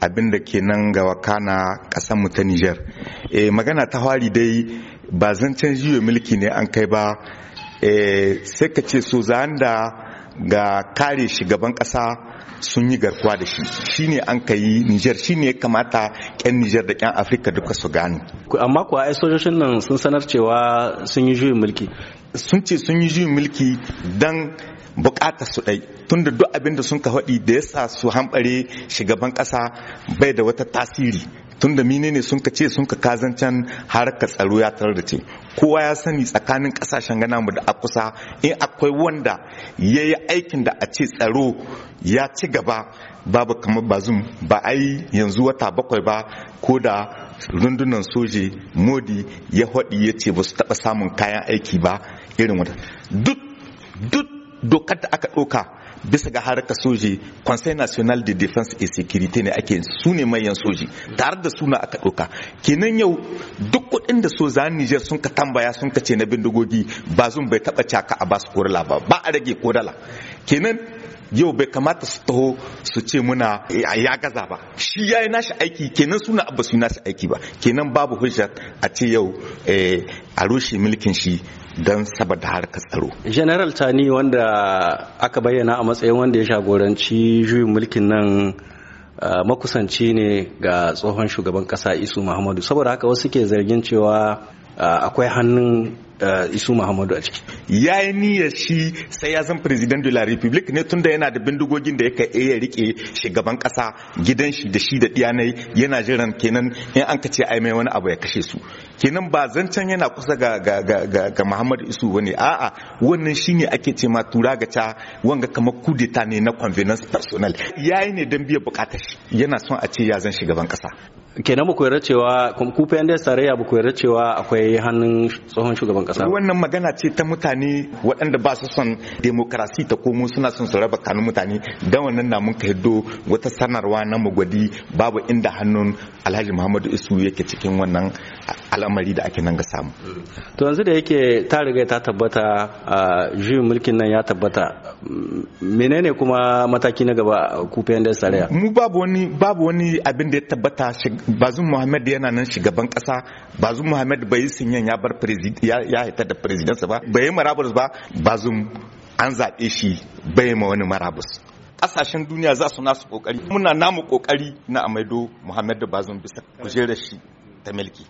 abin da ke nan ga wakana mu ta Nijar. E, eh, magana ta hari dai ba zancen juya mulki ne an kai ba e, sai ka ce so da ga kare shugaban ƙasa sun yi garkuwa da shi shine an kayi Niger Nijar shine ya kamata 'yan Nijar da 'yan Afirka duka su gane. Amma kuwa ai sojojin nan sun sanar cewa sun yi juyin mulki sun ce sun yi juyin mulki dan bukatar su ɗai tunda duk abin da sun ka faɗi da ya sa su hanɓare shugaban ƙasa bai da wata tasiri tunda mine ne sun ka ce sun ka kazancan ka tsaro ya tarar da ce kowa ya sani tsakanin ƙasashen gana mu da akusa in akwai wanda ya yi aikin da a ce tsaro ya ci gaba babu kamar bazum ba a yi yanzu wata bakwai ba ko da rundunan soje modi ya haɗi ya ce ba su taɓa samun kayan aiki ba irin wata duk dokar da aka ɗauka bisa ga harkar soji conseil national de defense et sécurité ne ake sune manyan soji tare da suna aka ɗauka kenan yau duk kuɗin da sojan niger sun ka tambaya sun ka ce na bindigogi ba zun bai taɓa caka a basu korala ba ba a rage korala kenan yau bai kamata su taho su ce muna eh, ya gaza ba shi ya yi nashi aiki kenan suna abu su nashi aiki ba kenan babu hujja a ce yau eh, a rushe mulkin shi don saboda harkar tsaro. general tani wanda aka bayyana a matsayin wanda ya shagoranci juyin mulkin nan eh, makusanci ne ga tsohon shugaban kasa isu muhammadu saboda haka wasu ke zargin cewa akwai hannun Eh, isu muhammadu a ciki ya yi niyya shi sai ya zan president de la republic ne tunda yana da bindigogin da yaka iya rike shugaban kasa gidan shi da shi da diyanai yana jiran kenan in an ka ce ai mai wani abu ya kashe su kenan ba zancen yana kusa ga ga ga ga, muhammadu isu wani a'a wannan shine ake ce ma tura ga ta wanga kamar kudeta ne na convenience personnel yayi ne dan biya bukatar yana son a ce ya zan shugaban kasa kenan ba ku yarda cewa ku fa yanda tarayya ba ku yarda cewa akwai hannun tsohon shugaban kasa wannan magana ce ta mutane waɗanda ba su son demokrasi ta komo suna son su raba kanun mutane dan wannan na mun kai do wata sanarwa na magwadi babu inda hannun Alhaji Muhammadu Isu yake cikin wannan al'amari da ake nan ga samu to yanzu da yake ta riga ta tabbata juyin mulkin nan ya tabbata menene kuma mataki na gaba ku da yanda mu babu wani babu wani abin da ya tabbata bazum muhammad yana nan shugaban kasa bazum muhammad bai yi sinyan ya bar ya haita da presidansa ba bai yi marabus ba bazum an zaɓe shi bai ma wani marabus kasashen duniya za su nasu kokari muna namu kokari na amaido muhammad bazum bisa kujerar shi ta milki